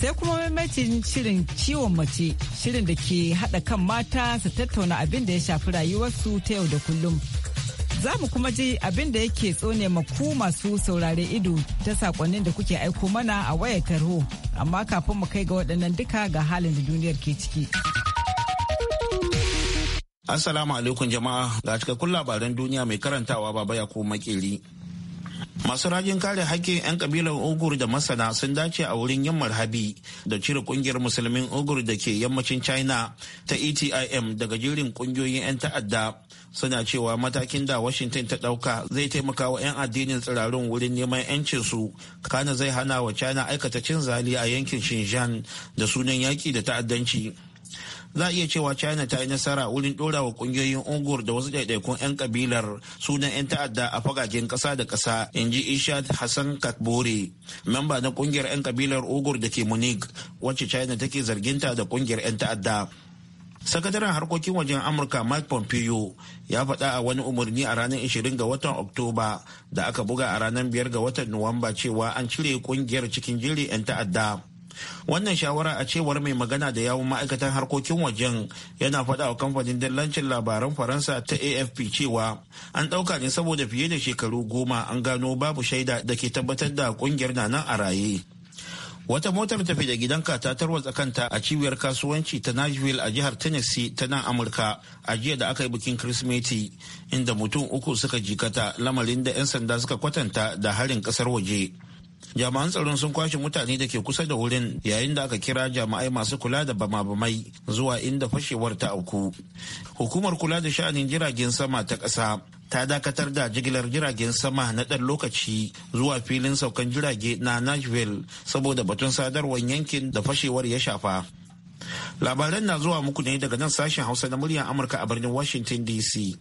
sai kuma maimaitin shirin ciwon mace shirin da ke haɗa kan mata su tattauna abin da ya shafi rayuwarsu ta yau da kullum za mu kuma ji abin da yake tsone maku masu saurare ido ta sakonnin da kuke aiko mana a wayar tarho amma kafin mu kai ga waɗannan duka ga halin da duniyar ke ciki assalamu alaikum jama'a ga cikakkun labaran duniya mai karantawa baba ya ko makeri masu rajin kare hakkin 'yan kabilar Ogur da masana sun dace a wurin yammar marhabi da cire ƙungiyar musulmin ugur da ke yammacin china ta etim daga jirin ƙungiyoyin 'yan ta'adda suna cewa matakin da washington ta ɗauka zai taimaka wa 'yan addinin tsirarun wurin neman 'yancin su kana zai hana wa china aikata cin zali a yankin xinjiang da sunan yaki da ta'addanci za a iya cewa china ta yi nasara wurin dora wa kungiyoyin ungur da wasu ɗaiɗaikun 'yan kabilar sunan 'yan ta'adda a fagagen ƙasa da kasa in ji ishad hassan kakbore memba na kungiyar 'yan kabilar ungur da ke munich wacce china take zarginta da kungiyar 'yan ta'adda sakataren harkokin wajen amurka mike pompeo ya faɗa a wani umarni a ranar 20 ga watan oktoba da aka buga a ranar 5 ga watan nuwamba cewa an cire kungiyar cikin jiri 'yan ta'adda wannan shawara a cewar mai magana da yawun ma'aikatan harkokin wajen yana faɗa wa kamfanin dillancin labaran faransa ta afp cewa an ɗauka ne saboda fiye da shekaru goma an gano babu shaida da ke tabbatar da ƙungiyar na nan a raye wata motar tafi da ka ta tarwatsa kanta a cibiyar kasuwanci ta nashville a jihar tennessee ta nan amurka a jiya da aka yi bikin kirsimeti inda mutum uku suka jikata lamarin da 'yan sanda suka kwatanta da harin kasar waje jami'an tsaron sun kwashe mutane da ke kusa da wurin yayin da aka kira jami'ai masu kula da bama-bamai zuwa inda fashewar ta auku hukumar kula da sha'anin jiragen sama ta ƙasa ta dakatar da jigilar jiragen sama na ɗan lokaci zuwa filin saukan jirage na nashville saboda batun sadarwar yankin da fashewar ya shafa labaran na zuwa muku ne daga nan sashen hausa na muryar amurka a birnin washington dc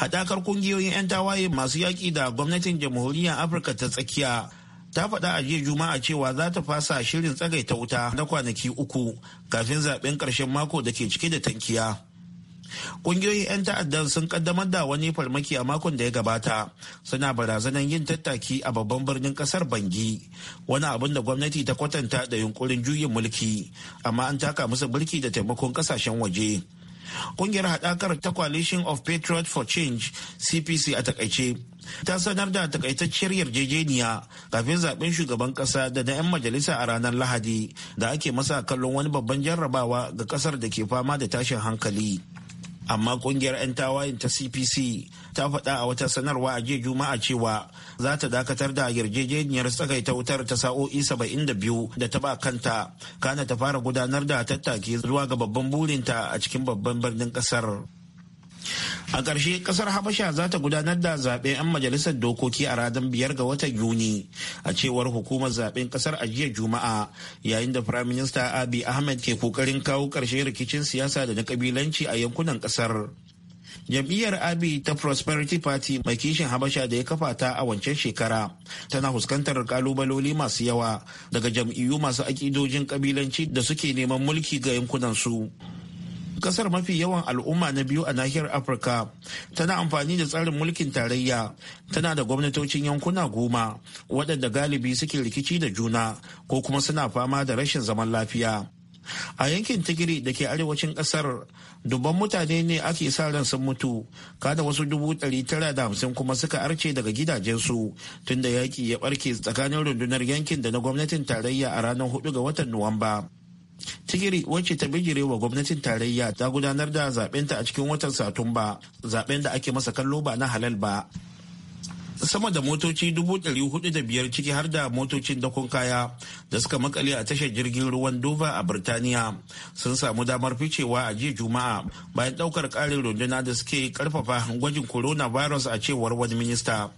haɗakar ƙungiyoyin 'yan tawaye masu yaƙi da gwamnatin jamhuriyar afirka ta tsakiya ta faɗa a jiya juma'a cewa za ta fasa shirin tsagaita wuta na kwanaki uku kafin zaben ƙarshen mako da ke cike da tankiya Ƙungiyoyin 'yan ta'addan sun ƙaddamar da wani farmaki a makon da ya gabata suna barazanar yin tattaki a babban birnin ƙasar bangi wani abin da gwamnati ta kwatanta da yunkurin juyin mulki amma an taka musu birki da taimakon ƙasashen waje. Kungiyar hadakar ta Coalition of Patriots for Change CPC a takaice ta sanar da takaitacciyar yarjejeniya kafin zaben shugaban kasa da na 'yan majalisa a ranar lahadi da ake masa kallon wani babban jarrabawa ga kasar da ke fama da tashin hankali amma kungiyar 'yan tawayen ta cpc ta faɗa a wata sanarwa a jiya juma'a cewa za ta dakatar da yarjejeniyar tsakaita wutar ta sa'o'i 72 da biyu da ta ba kanta kana ta fara gudanar da tattaki zuwa ga babban burinta a cikin babban birnin ƙasar a ƙarshe ƙasar habasha za ta gudanar da zaɓen 'yan majalisar dokoki a ranar biyar ga watan yuni a cewar hukumar zaɓen ƙasar a jiya juma'a yayin da firayim minista abi ahmed ke kokarin kawo ƙarshen rikicin siyasa da na ƙabilanci a yankunan ƙasar jam'iyyar abi ta prosperity party mai kishin habasha da ya kafa ta a wancan shekara tana fuskantar kalubaloli masu yawa daga jam'iyyu masu akidojin ƙabilanci da suke neman mulki ga yankunan su kasar mafi yawan al'umma na biyu a nahiyar afirka tana amfani da tsarin mulkin tarayya tana da gwamnatocin yankuna goma waɗanda galibi suke rikici da juna ko kuma suna fama da rashin zaman lafiya a yankin tigiri da ke arewacin Ƙasar dubban mutane ne ake sa ran sun mutu kada wasu dubu ɗari tara da hamsin kuma suka arce daga gidajensu tunda yaƙi ya ɓarke tsakanin rundunar yankin da na gwamnatin tarayya a ranar hudu ga watan nuwamba sigiri wacce ta bigire wa gwamnatin tarayya ta gudanar da zaɓenta a cikin watan satumba zaɓen da ake masa kallo ba na halal ba sama da motoci dubu ɗari hudu da biyar ciki har da motocin dakon kaya da suka makale a tashar jirgin ruwan dover a birtaniya sun samu damar ficewa a jiya juma'a bayan ɗaukar ƙarin runduna da suke karfafa gwajin coronavirus a cewar wani minista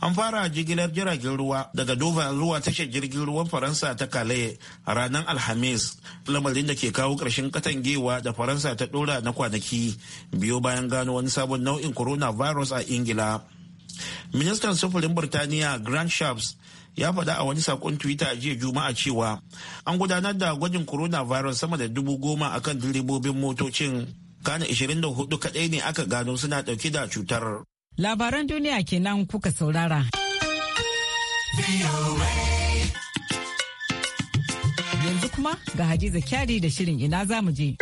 an fara jigilar jiragen ruwa daga dover zuwa tashar jirgin ruwan faransa ta kale, a ranar alhamis lamarin da ke kawo ƙarshen katangewa da faransa ta ɗora na kwanaki biyo bayan gano wani sabon nau'in coronavirus a ingila ministan sufurin Birtaniya, grant sharps ya faɗa a wani sakon twitter jiya juma'a cewa an gudanar da gwajin coronavirus sama da dubu goma akan direbobin motocin kana 24 kaɗai ne aka gano suna ɗauke da cutar Labaran duniya kenan kuka saurara. Yanzu kuma ga Hadiza Kyari da shirin ina za mu je.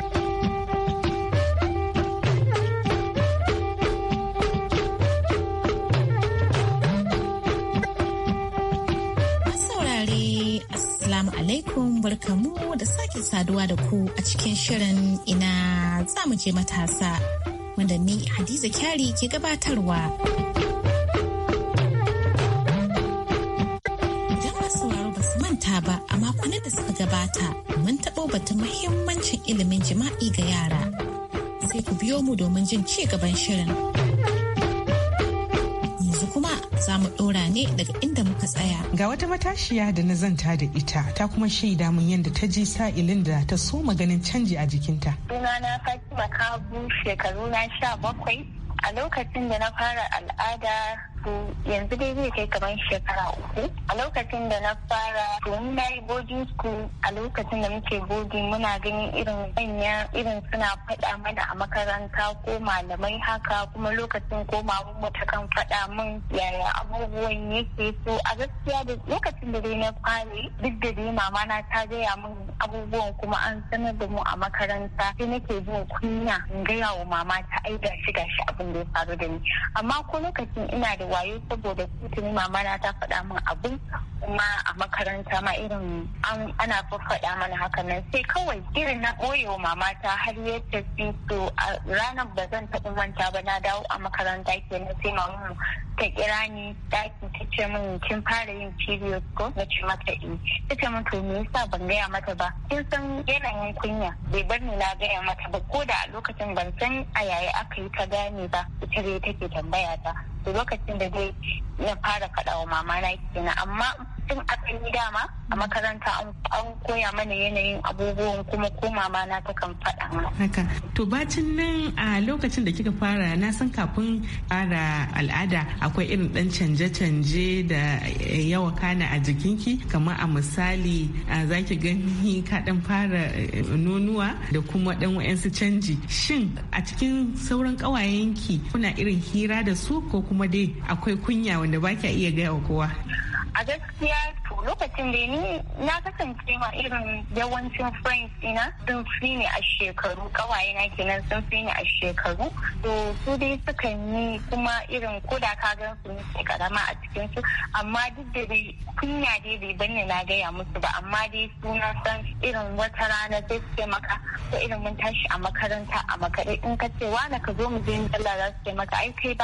alaikum barkamu da sake saduwa da ku a cikin shirin ina za mu je matasa wanda ni Hadiza Kyari ke gabatarwa. Idan masauraro ba su manta ba a makonin da suka gabata mun taɓo batun mahimmancin ilimin jima'i ga yara. Sai ku biyo mu domin jin ci gaban shirin. Yanzu kuma za mu ɗora ne daga inda muka tsaya. Ga wata matashiya da na zanta da ita ta kuma shaida mun yadda ta ji sa'ilin da ta so maganin canji a jikinta. Sunana yanzu shekaru na sha bakwai a lokacin da na fara al'ada uku yanzu dai zai kai kamar shekara uku a lokacin da na fara domin na yi boarding school a lokacin da muke boarding muna ganin irin manya irin suna faɗa mana a makaranta ko malamai haka kuma lokacin ko mamu ta kan faɗa min yaya abubuwan yake so a gaskiya da lokacin da dai na fare duk da dai mama na ta gaya min abubuwan kuma an sanar da mu a makaranta sai nake jin kunya in gaya wa mama ta ai gashi gashi abin da ya faru da ni amma ko lokacin ina da wayo saboda kutun mama na ta faɗa min abin kuma a makaranta ma irin ana faɗa mana haka nan sai kawai irin na ɓoyewa mama ta har ta fi so a ranar ba zan taɓa manta ba na dawo a makaranta kenan sai mamu ta kira ni daki ta ce min kin fara yin period ko na ce mata in eh. ta ce min to me yasa ban gaya mata ba kin san yanayin kunya bai bar ni na gaya mata ba ko da a lokacin ban san a yaya aka yi ta gane ba ita dai take tambaya ta lokacin da zai na fara faɗa wa mama na kenan amma tun akan yi dama a makaranta an koya mana yanayin abubuwan kuma ko mama na ta kan faɗa haka to bacin nan a lokacin da kika fara na san kafin fara al'ada akwai irin ɗan canje-canje da yawa kana a jikinki kamar a misali za ki gani ka dan fara eh, nonuwa da kuma dan wa'yansu canji shin a cikin sauran ƙawayenki kuna irin hira da su ko kuma dai akwai kunya wanda ba iya gaya wa kowa a gaskiya to lokacin da ni na kasance ma irin yawancin friends ina sun fi ne a shekaru kawaye na kenan sun fi ne a shekaru to su dai suka yi kuma irin koda ka gan su ne karama a cikin su amma duk da dai kunya dai bai banne na gaya musu ba amma dai suna san irin wata rana sai su ce maka ko irin mun tashi a makaranta a makare in ka ce wani ka zo mu je mu za su ce maka ai kai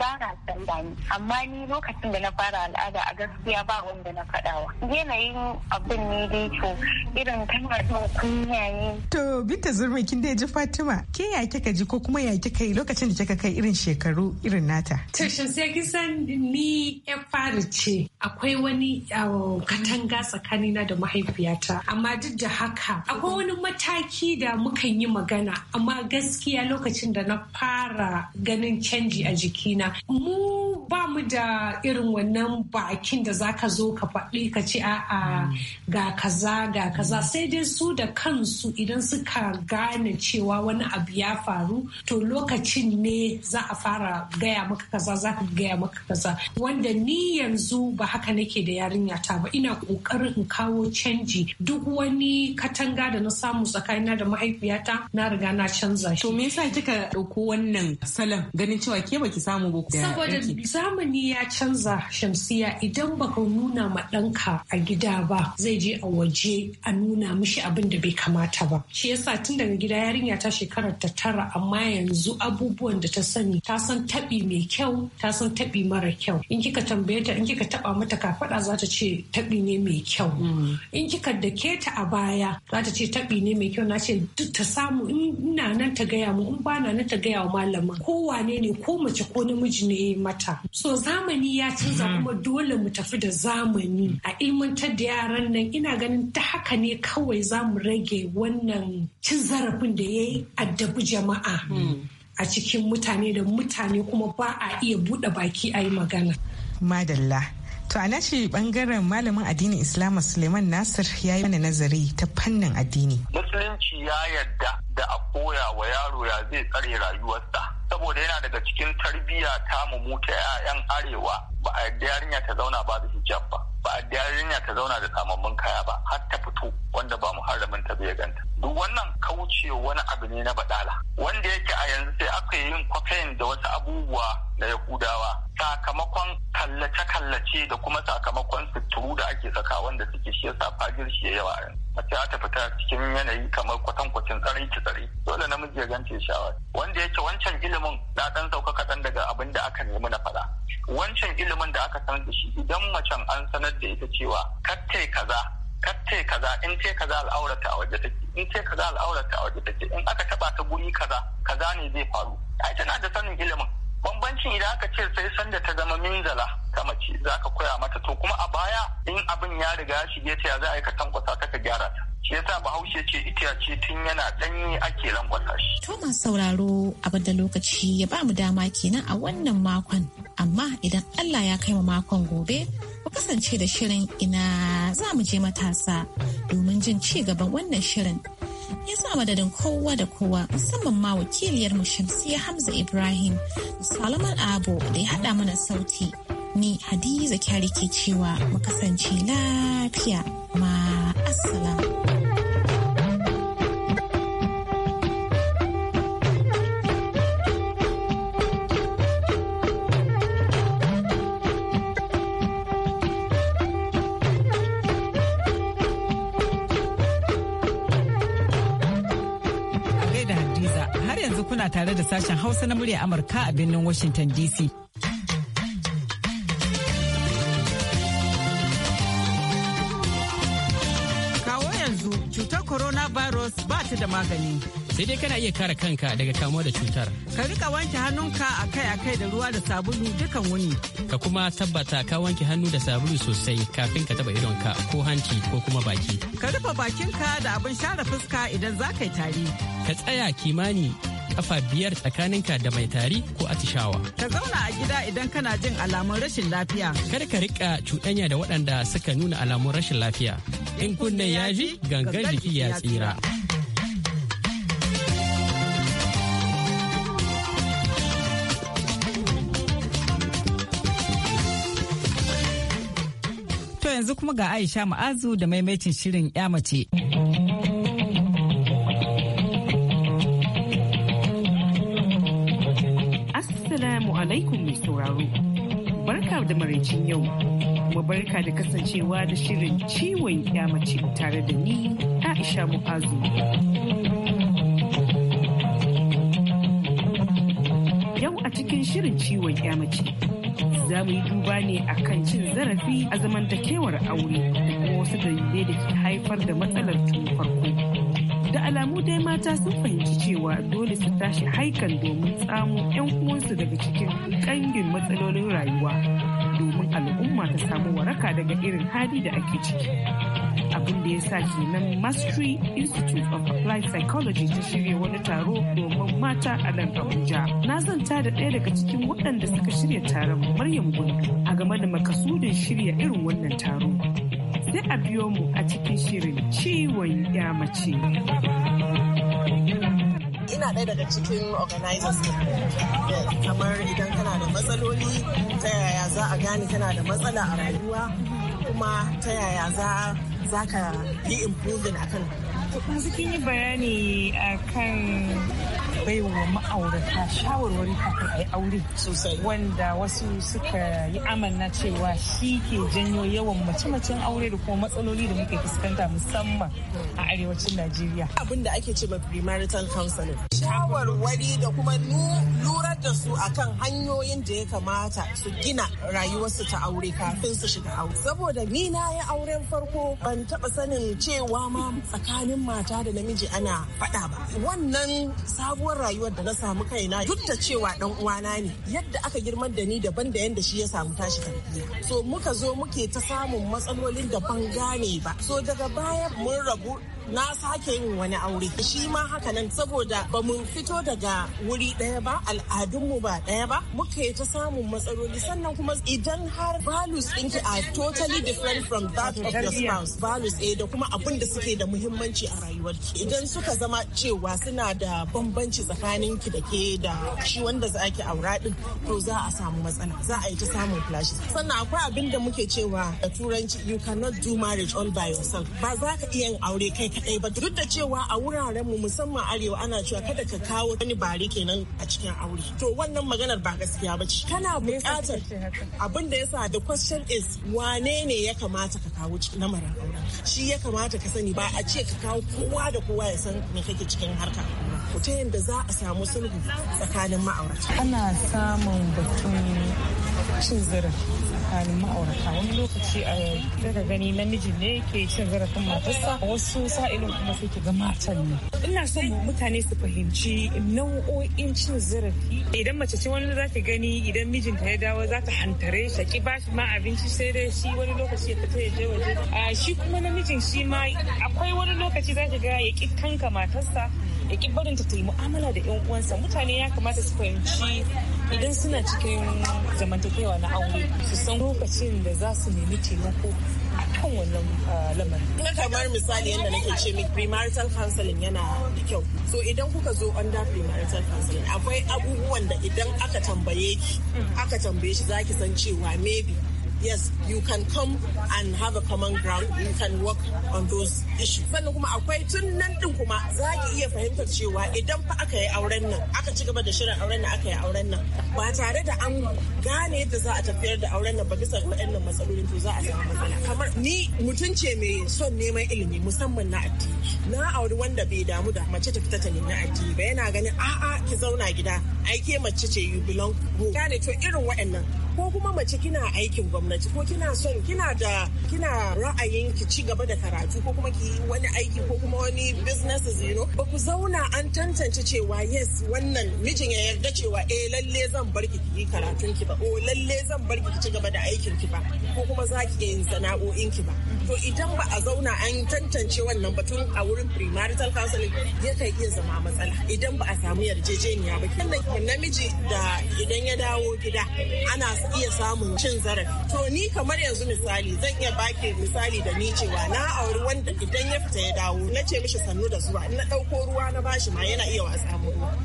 ba na san ni amma ni lokacin da na fara al'ada a gaskiya gaskiya ba wanda na fadawa yanayin abin ne dai to irin tana jin kunya to binta zurmi kin dai ji fatima ke ya kika ji ko kuma ya kika yi lokacin da kika kai irin shekaru irin nata to sai kin san ni ya fara ce akwai wani ah, katanga tsakanina da mahaifiyata amma duk da haka akwai wani mataki da mukan yi magana amma gaskiya lokacin da na fara ganin canji a jikina mu ba mu da irin wannan bakin da za za ka zo ka faɗi ka ce a'a ga kaza ga kaza sai dai su da kansu idan suka gane cewa wani abu ya faru to lokacin ne za a fara gaya maka kaza za ka gaya maka kaza wanda ni yanzu ba haka nake da yarinya ta ba ina kokarin in kawo canji duk wani katanga da na samu tsakanina da mahaifiyata na riga na canza shi to me yasa kika dauko wannan salon ganin cewa ke baki samu ba saboda zamani ya canza shamsiya idan baka ka nuna ma ɗanka a gida ba zai je a waje a nuna mishi abin da bai kamata ba shi yasa tun daga gida yarinya ta shekarar ta tara amma yanzu abubuwan da ta sani ta san taɓi mai kyau ta san taɓi mara kyau in kika tambaye ta in kika taɓa mata kafaɗa za ta ce taɓi ne mai kyau mm. in kika dake ta a baya za ta ce taɓi ne mai kyau na ce duk ta samu in ina nan ta gaya mu in ba na nan ta gaya wa malama ko wane ne ko mace ko namiji ne mata so zamani ya canza mm. kuma dole mu tafi da zamani a ilmantar da yaran nan ina ganin ta haka ne kawai za mu rage wannan cin zarafin da ya yi addabi jama'a a cikin mutane da mutane kuma ba a iya buɗe baki a yi magana. Madalla. To a nashi ɓangaren malamin addinin Islama Suleiman Nasir ya yi mana nazari ta fannin addini. Musulunci ya yarda da a koya wa yaro ya zai tsare rayuwarsa. Saboda yana daga cikin tarbiyya ta mu ta 'ya'yan arewa ba a yadda yarinya ta zauna ba da hijab ba ba a yadda yarinya ta zauna da samammun kaya ba har ta fito wanda ba muharramin ta zai ganta duk wannan kauce wani abu ne na baɗala. wanda yake a yanzu sai aka yi yin kwafayin da wasu abubuwa na yahudawa sakamakon kallace-kallace da kuma sakamakon suturu da ake saka wanda suke shi yasa fajir shi yawa yanzu mace ta fita cikin yanayi kamar kwatankwacin tsarai ki tsare dole namiji ya gance shawar wanda yake wancan ilimin na dan sauka kaɗan daga abin da aka nemi na faɗa wancan ilimin da aka sanar da shi idan macen an sanar da ita cewa kattai kaza kace kaza in ce kaza al'aurata a waje take in ce kaza al'aurata a waje take in aka taba ta guri kaza kaza ne zai faru ai tana da sanin ilimin bambancin idan aka ce sai sanda ta zama minzala ta mace za ka koya mata to kuma a baya in abin ya riga ya shige ta ya za a yi ka tankwasa ta ka gyara ta shi yasa bahaushe ce ce tun yana ɗanye ake lankwasa shi. To masu sauraro abin da lokaci ya ba mu dama kenan a wannan makon amma idan Allah ya kai mu makon gobe ku kasance da shirin ina za mu je matasa domin jin ci gaban wannan shirin. ya sa madadin kowa da kowa musamman ma wakiliyar mu shamsiya hamza ibrahim salaman abo da ya haɗa mana sauti ni hadiza kyari ke cewa mu kasance lafiya ma assalam kuna tare da sashen Hausa na murya Amurka a birnin Washington DC. Kawo yanzu cutar coronavirus ba ta da magani. Sai dai kana iya kare kanka daga kamuwa da cutar. Ka rika wanke hannunka akai-akai da ruwa da sabulu dukan wuni. Ka kuma tabbata ka wanke hannu da sabulu sosai kafin ka taba idonka ko hanci ko kuma baki. Ka rufe bakinka da abin share fuska idan za ka yi tari. Ka tsaya kimani kafa biyar tsakaninka da mai tari ko atishawa. Ka zauna a gida idan kana jin alamun rashin lafiya. kar ka rika cuɗanya da waɗanda suka nuna alamun rashin lafiya. In kunne ya ji gangan jiki ya tsira. To yanzu kuma ga Aisha Ma'azu da maimaitin shirin 'ya mace. alaikum mai sauraro. Barka da maraicin yau, kuma barka da kasancewa da shirin ciwon mace tare da ni Aisha Mu'azu. Yau a cikin shirin ciwon mace za mu yi duba ne a kan cin zarafi a zamantakewar aure da kuma wasu dalilai da ke haifar da matsalar tun farko. da alamu dai mata sun fahimci cewa dole su tashi haikan domin tsamo 'yan uwansu daga cikin kangin matsalolin rayuwa domin al'umma ta samu waraka daga irin hali da ake ciki abin da ya sa kenan mastery institute of applied psychology ta shirya wani taro domin mata a nan abuja na zanta da ɗaya daga cikin waɗanda suka shirya taron maryam gundu a game da makasudin shirya irin wannan taro sai a biyo mu a cikin shirin ciwon ya mace. ina ɗaya daga cikin organizers kamar idan kana da matsaloli ta yaya za a gane kana da matsala a rayuwa kuma ta yaya za ka yi improving akan. Yanzu kin yi bayani akan baiwa ma'aurata shawarwari kafin a yi aure sosai wanda wasu suka yi amanna cewa shi ke janyo yawan mace-macen aure da kuma matsaloli da muke fuskanta musamman a arewacin Najeriya. Abin da ake ce ma premarital counseling. Shawarwari da kuma lura da su akan hanyoyin da ya kamata su gina rayuwarsu ta aure kafin su shiga aure. Saboda ni na yi auren farko ban taba sanin cewa ma tsakanin mata da namiji ana faɗa ba. Wannan sabuwar doguwar rayuwar da na samu kaina duk da cewa dan uwana ne yadda aka girma da ni daban da yadda shi ya samu tashi tarbiyya so muka zo muke ta samun matsalolin da ban gane ba so daga baya mun rabu na sake yin wani aure shi ma haka nan saboda ba mu fito daga wuri ɗaya ba al'adunmu ba ɗaya ba muka yi ta samun matsaloli sannan kuma idan har values ɗinki are totally different from that of your spouse values eh da kuma abin da suke da muhimmanci a rayuwarki idan suka zama cewa suna da bambanci tsakanin ki da ke da shi wanda za ki aura din to za a samu matsala za a yi ta samun clashes sannan akwai abin da muke cewa a turanci you cannot do marriage all by yourself ba za ka iya yin aure kai kaɗai ba duk da cewa a wuraren mu musamman arewa ana cewa kada ka kawo wani bare kenan a cikin aure to wannan maganar ba gaskiya ba ce kana buƙatar abin da yasa the question is wane ne ya kamata ka kawo lamarin auren shi ya kamata ka sani ba a ce ka kawo kowa da kowa ya san me kake cikin harka ku ta yadda za a samu sulhu tsakanin ma'aurata ana samun batun cin zarafi tsakanin ma'aurata wani lokaci a eh, daga gani namiji ne ke cin zarafin matarsa wasu sa irin kuma sai ki ga matan ne ina so mutane su fahimci nau'o'in cin zarafi idan mace ce wani za ta gani idan mijinta ya dawo za ta hantare shi ki ba shi ma abinci sai dai shi wani lokaci ya fita ya je waje shi kuma namijin shi ma akwai wani lokaci za ki ga ya ki kanka matarsa ya ki barinta ta yi mu'amala da 'yan uwansa mutane ya kamata su fahimci idan suna cikin zamantakewa na aure su san lokacin da za su nemi taimako kan wannan ah, lamarin. kamar misali yadda nake ce min premarital counseling yana da kyau so idan kuka zo under premarital counseling akwai abubuwan da idan aka tambaye ki aka tambaye shi zaki san cewa maybe yes you can come and have a common ground you can work on those issues sannan kuma akwai tun nan din kuma za ki iya fahimtar cewa idan fa aka yi auren nan aka ci gaba da shirin auren nan aka yi auren nan ba tare da an gane yadda za a tafiyar da auren nan ba bisa waɗannan matsalolin to za a samu matsala kamar ni mutum ce mai son neman ilimi musamman na addini na auri wanda bai damu da mace ta fita ta nemi addini ba yana ganin a'a ki zauna gida aike mace ce you belong home gane to irin waɗannan ko kuma mace kina aikin gwamnati gwamnati ko kina son kina da kina ra'ayin ki ci gaba da karatu ko kuma ki yi wani aiki ko kuma wani businesses you know ba ku zauna an tantance cewa yes wannan mijin ya yarda cewa eh lalle zan bar ki yi karatun ki ba o lalle zan bar ki ci gaba da aikin ki ba ko kuma za ki yin sana'o'in ki ba to idan ba a zauna an tantance wannan batun a wurin primarital counseling ya kai iya zama matsala idan ba a samu yarjejeniya ba kenan namiji da idan ya dawo gida ana iya samun cin zarafi to ni kamar yanzu misali zan iya baki misali da ni cewa na auri wanda idan ya fita ya dawo na ce mishi sannu da zuwa na ɗauko ruwa na bashi ma yana iya wasa mu ruwa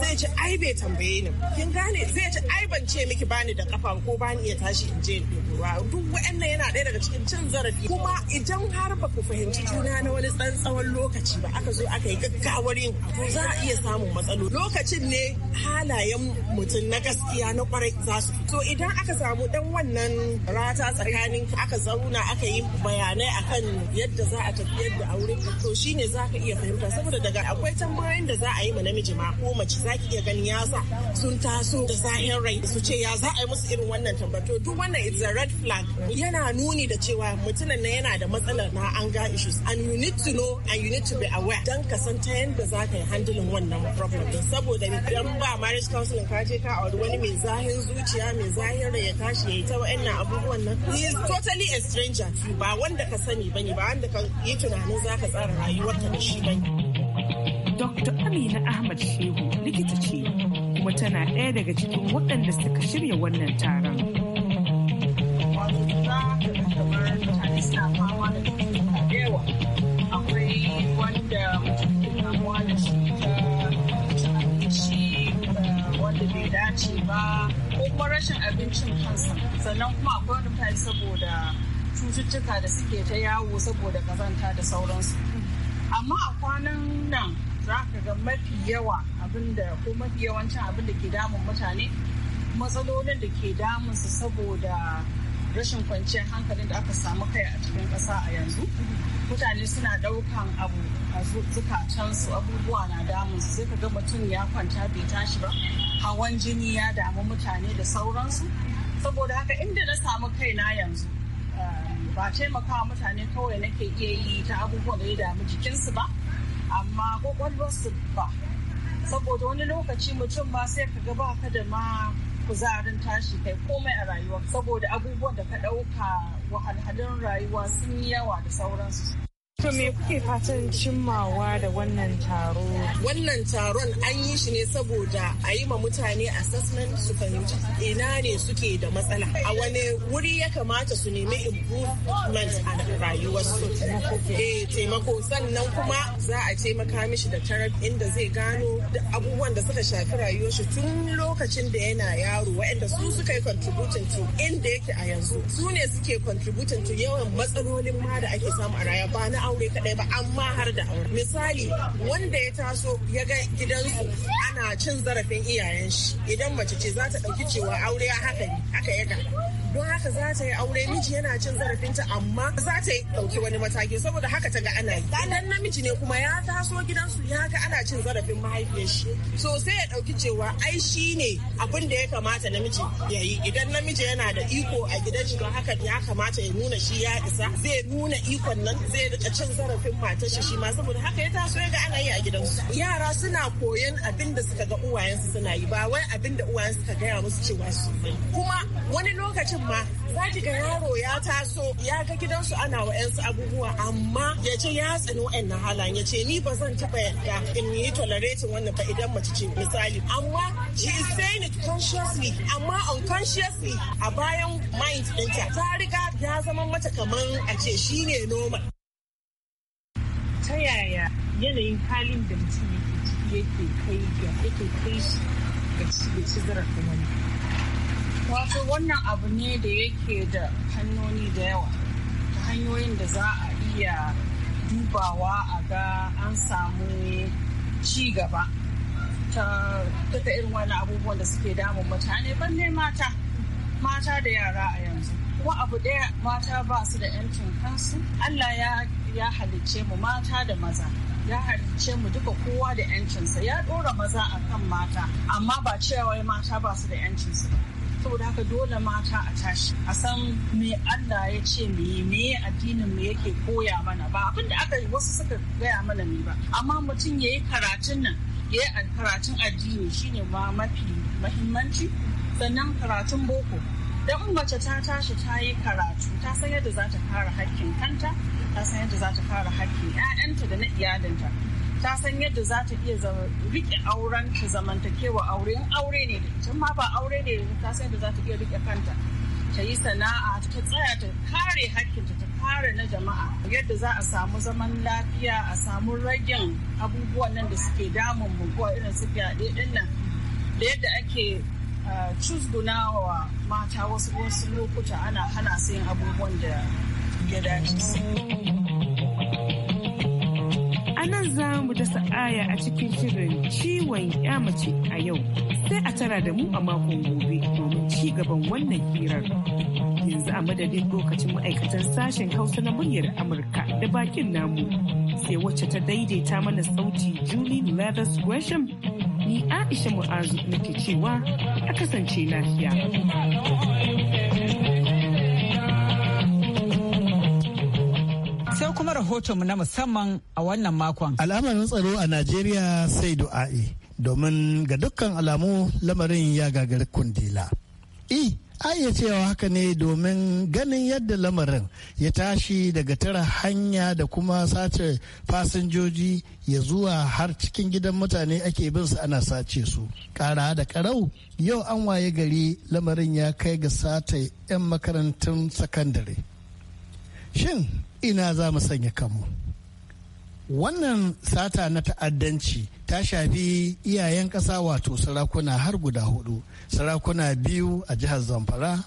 zai ce ai bai tambaye ni kin gane zai ce ai ban ce miki bani da kafa ko bani iya tashi in je in ruwa duk wa'annan yana ɗaya daga cikin cin zarafi kuma idan har ba ku fahimci juna na wani tsan lokaci ba aka zo aka yi gaggawar yin to za a iya samun matsalo lokacin ne halayen mutum na gaskiya na kwarai za su to idan aka samu dan wannan rata tsakanin aka zauna aka yi bayanai akan yadda za a tafiyar da aure to shine za ka iya fahimta saboda daga akwai tambayoyin da za a yi ma namiji ma ko mace za ki gani ganin yasa sun taso da zahin rai su ce ya za a yi musu irin wannan tambato duk wannan it's a red flag yana nuni da cewa mutumin na yana da matsalar na anger issues and you need to know and you need to be aware dan ka san ta yanda za ka yi handling wannan problem din saboda idan ba marriage counseling ka je ka auri wani mai zahin zuciya mai zahin rai ya tashi ya yi ta wa'annan abubuwan nan he is totally a stranger to ba wanda ka sani bane ba wanda ka yi tunanin za ka tsara rayuwarka da shi bane Dr. Amina Ahmad Shehu likita ce kuma tana ɗaya daga cikin waɗanda suka shirya wannan taron. Akwai wanda wanda bai dace ba ko kuma rashin abincin kansa sannan kuma akwai wani fari saboda cututtuka da suke ta yawo saboda kazanta da sauransu. Amma a kwanan nan za ka ga mafi yawa abinda ko mafi yawancin abin da ke damun mutane matsalolin da ke damun su saboda rashin kwanciyar hankalin da aka samu kai a cikin ƙasa a yanzu mutane suna ɗaukan abu a su abubuwa na damun sai ka ga mutum ya kwanta bai tashi ba hawan jini ya damu mutane da sauransu saboda haka inda na samu kai na yanzu eh, ba taimakawa mutane kawai nake iya yi ta abubuwan da ya damu jikinsu ba ma su ba saboda wani lokaci mutum ma sai ka gaba baka da ma kuzarin tashi kai komai a rayuwa saboda abubuwan da ka ɗauka wahalhalun rayuwa sun yi yawa da sauransu To me kuke fatan cimmawa da wannan taro? Wannan taron an yi shi ne saboda a yi ma mutane assessment su fahimci ina ne suke da matsala. A wani wuri ya kamata su nemi improvement a rayuwarsu. Eh taimako sannan kuma za a taimaka mishi da tarab inda zai gano abubuwan da suka shafi rayuwar shi tun lokacin da yana yaro waɗanda su suka yi contributing to inda yake a yanzu. Su ne suke contributing to yawan matsalolin ma da ake samu a rayuwa ba aure kaɗai ba amma har da aure misali wanda ya taso ya ga gidansu ana cin zarafin iyayen shi idan mace ce za ta ɗauki cewa aure haka ne haka ya don haka za ta yi aure miji yana cin zarafinta amma za ta yi ɗauki wani mataki saboda haka ta ga ana yi idan namiji ne kuma ya taso gidansu ya ga ana cin zarafin mahaifiyar shi so sai ya dauki cewa ai shi ne abin da ya kamata namiji ya yi idan namiji yana da iko a gidan shi don haka ya kamata ya nuna shi ya isa zai nuna ikon nan zai rika cin zarafin matar shi shi ma saboda haka ya taso ya ga ana yi a gidansu yara suna koyon abin da suka ga uwayensu suna yi ba wai abin da uwayensu suka gaya musu cewa su kuma wani lokacin lokacin ma za ga yaro ya taso ya ga gidansu ana wa yansu abubuwa amma ya ce ya tsani wa'annan halayen ya ce ni ba zan taɓa yadda in yi toleratin' wannan ba idan mace ce misali amma she is saying it consciously amma unconsciously a bayan mind ɗinta ta riga ya zama mata kamar a ce shi ne normal. Ta yaya yanayin halin da mutum yake ciki yake kai ga yake kai shi ga ci zarafin wani? wato wannan abu ne da yake da hanyoyi da yawa ta hanyoyin da za a iya dubawa a ga an samu ci gaba ta duka irin wani abubuwan da suke damun mutane balle mata mata da yara a yanzu kuma abu ɗaya mata ba su da 'yancin kansu allah ya halicce mu mata da maza ya halicce mu duka kowa da 'yancinsa ya ɗora maza a kan mata amma ba cewa mata ba su da 'yancinsu ba saboda haka dole mata a tashi a san me Allah ya ce me me addinin mu yake koya mana ba abin da aka wasu suka gaya mana ne ba amma mutum ya yi karatun nan ya yi karatun addini shine ma mafi mahimmanci sannan karatun boko dan mace ta tashi ta yi karatu ta san yadda za ta kare hakkin kanta ta san yadda za ta kare hakkin 'ya'yanta da na iyalinta ta san yadda za ta iya rike auren ta zamantakewa aure in aure ne da ita ma ba aure ne ta san yadda za ta iya rike kanta ta yi sana'a ta tsaya ta kare hakkinta ta kare na jama'a yadda za a samu zaman lafiya a samu ragin abubuwan nan da suke damun mu ko irin su fyaɗe ɗin nan da yadda ake cusgunawa wa mata wasu wasu lokuta ana hana su abubuwan da ya dace. nan za mu dasa aya a cikin shirin ciwon mace a yau sai a tara da mu a makon gobe domin ci gaban wannan hirar. Yanzu a madadin lokacin ma'aikatan sashen Hausa na muryar Amurka da bakin namu sai wacce ta daidaita mana sauti Julie Leathers Gresham ni Aisha Mu'azu nake cewa a kasance lafiya. rahotonmu na musamman a wannan makon. Al'amarin tsaro a Najeriya sai du'a'i domin ga dukkan alamu lamarin ya gagari kundila. I, a cewa haka ne domin ganin yadda lamarin ya tashi daga tara hanya da kuma sace fasinjoji ya zuwa har cikin gidan mutane ake bin su ana sace su. Kara da karau yau an waye gari lamarin ya kai ga sata 'yan makarantun sakandare. Shin ina za mu sanya kanmu wannan sata na ta'addanci ta shafi iyayen ƙasa wato sarakuna har guda hudu sarakuna biyu a jihar zamfara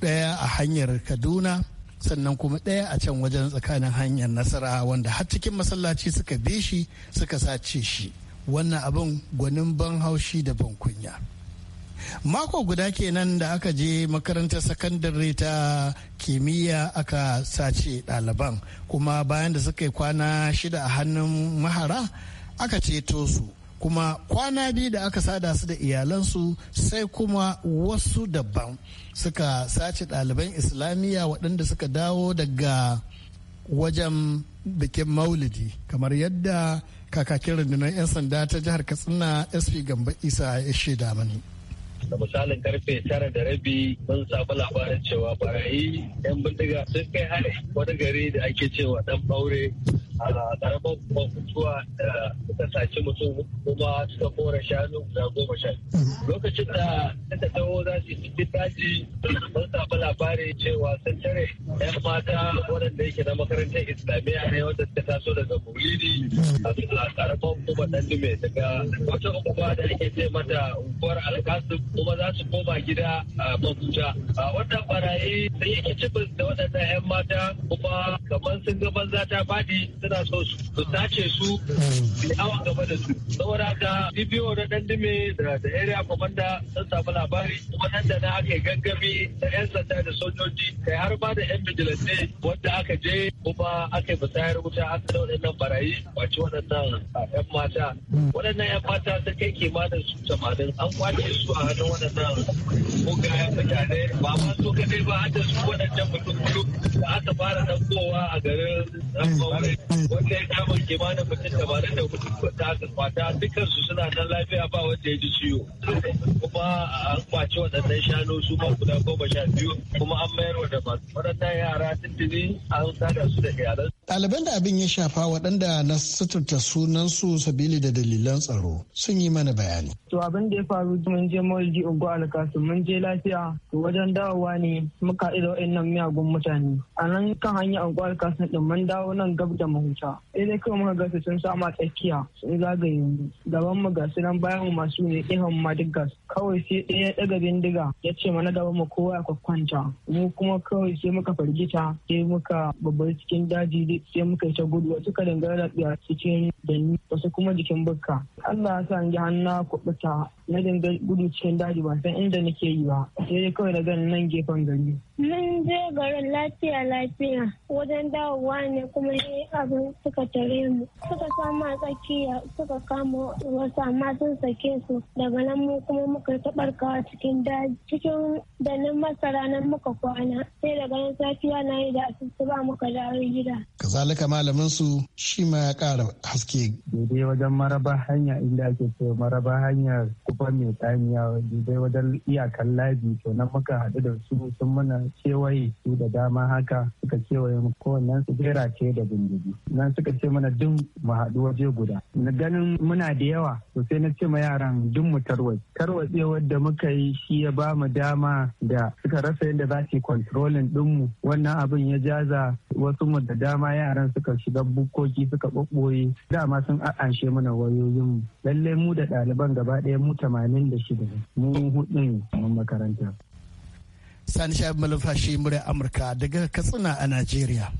ɗaya a hanyar kaduna sannan kuma ɗaya a can wajen tsakanin hanyar nasara wanda har cikin masallaci suka bi shi suka sace shi wannan abin gwanin ban haushi da ban kunya mako guda kenan da aka je makarantar sakandare ta kimiyya aka sace ɗaliban kuma bayan da suka yi kwana shida a hannun mahara aka ceto su kuma kwana biyu da aka sada su da iyalansu sai kuma wasu daban suka sace ɗaliban islamiyya waɗanda suka dawo daga wajen bikin maulidi kamar yadda kakakin rundunar 'yan sanda ta jihar katsina sp gamba isa ya shaida mani. da misalin karfe tara da rabi mun samu labarin cewa barayi yan bindiga sun kai hari wani gari da ake cewa dan baure a karamar mafutuwa da suka saci mutum kuma suka kora shanu guda goma sha mm. lokacin da ta dawo za su yi daji samu labari cewa sun tare yan mata waɗanda yake na makarantar islamiyya ne wanda suka taso daga maulidi a karfan kuma ɗan dume daga wata unguwa da ake ce mata unguwar alkasu kuma za su koma gida a mabuja a wannan barayi sun yi kicibin da waɗannan yan mata kuma kamar sun ga banza ta faɗi suna so su sace su su awon gaba da su saboda haka bibiyo na ɗan dume da area commander sun samu labari kuma nan da na ake gangami da yan sanda da sojoji kai har ba da yan bijilante wanda aka je kuma aka yi musayar wuta aka da waɗannan barayi kwaci waɗannan yan mata waɗannan yan mata sun kai kimanin su tamanin an kwace su a hannun waɗannan mugayen mutane ba ma so ka ba a da su waɗancan mutum da aka fara ɗaukowa a garin ɗanɓaure wanda ya kama kimanin mutum tamanin da mutum da aka kwata dukansu suna nan lafiya ba wanda ya ji ciwo kuma an kwaci waɗannan shanu su ma guda goma sha biyu kuma an mayar da masu waɗannan yara tuntuni an sada su da iyalansu. Ɗaliban da abin ya shafa waɗanda na suturta sunansu sabili da dalilan tsaro sun yi mana bayani. To abin da ya faru mun je Maulidi Ogo Alkasu mun je lafiya to wajen dawowa ne muka haɗu da waɗannan miyagun mutane. A nan kan hanyar Ogo Alkasu ɗin mun dawo nan gab da mahuta. Ina dai kawai muka gasa sun sama tsakiya sun zagaye mu. Gaban mu gasu nan bayan mu masu ne ihan ma duk gas. Kawai sai ɗaya ɗaga bindiga ya ce mana gaban mu kowa ya kwakwanta. Mu kuma kawai sai muka firgita sai muka babbar cikin daji sai sai muka yi ta gudu wasu ka dangara da cikin danni wasu kuma jikin bukka Allah ya sa ji hannu kuɓuta na dangar gudu cikin daji ba san inda nake yi ba sai kawai na gani nan gefen gari Mun je garin lafiya lafiya wajen dawowa ne kuma yi abin suka tare mu. Suka samu a tsakiya suka kama wasu amma sun sake su daga nan mu kuma muka taɓarkawa cikin daji cikin danin masara nan muka kwana sai daga nan safiya na yi da asusu ba muka dawo gida. Kazalika malamin su shi ma ya ƙara haske. Daidai wajen maraba hanya inda ake so maraba hanya kufa mai tsamiya daidai wajen iyakan labi to nan muka haɗu da su sun mana kewaye su da dama haka suka kewaye mu kowannen su jera ce da bindigi. nan suka ce mana duk mu haɗu waje guda na ganin muna da yawa to sai na ce ma yaran duk mu tarwatse tarwatsewar da muka yi shi ya ba mu dama da suka rasa yadda za su yi kontrolin ɗinmu wannan abin ya jaza wasu mu da dama yaran suka shiga bukkoki suka ɓoɓɓoye dama sun a'anshe mana wayoyinmu lallai mu da ɗaliban gaba ɗaya mu tamanin da shida mu hudun makaranta Sani Shabi Malafashi, murya Amurka daga Katsina a Najeriya.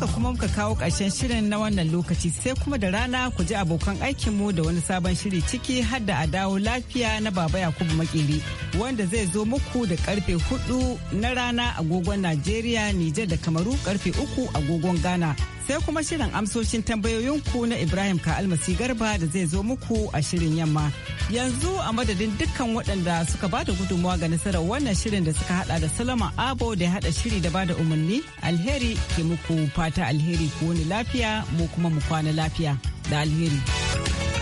haka kuma muka kawo ƙarshen shirin na wannan lokaci sai kuma da rana ku ji abokan aikinmu da wani sabon shiri ciki har da a dawo lafiya na baba yakubu makeri wanda zai zo muku da karfe 4 na rana agogon Najeriya, Nijar da Kamaru karfe 3 agogon Ghana. Sai kuma shirin amsoshin tambayoyinku na Ibrahim Ka'almasi Garba da zai zo muku a shirin yamma. Yanzu a madadin dukkan waɗanda suka ba da gudunmawa ga nasarar wannan shirin da suka hada da Salama Abo da ya hada shiri da ba da umarni alheri ke muku fata alheri ku wani lafiya mu kuma mu kwana lafiya da alheri.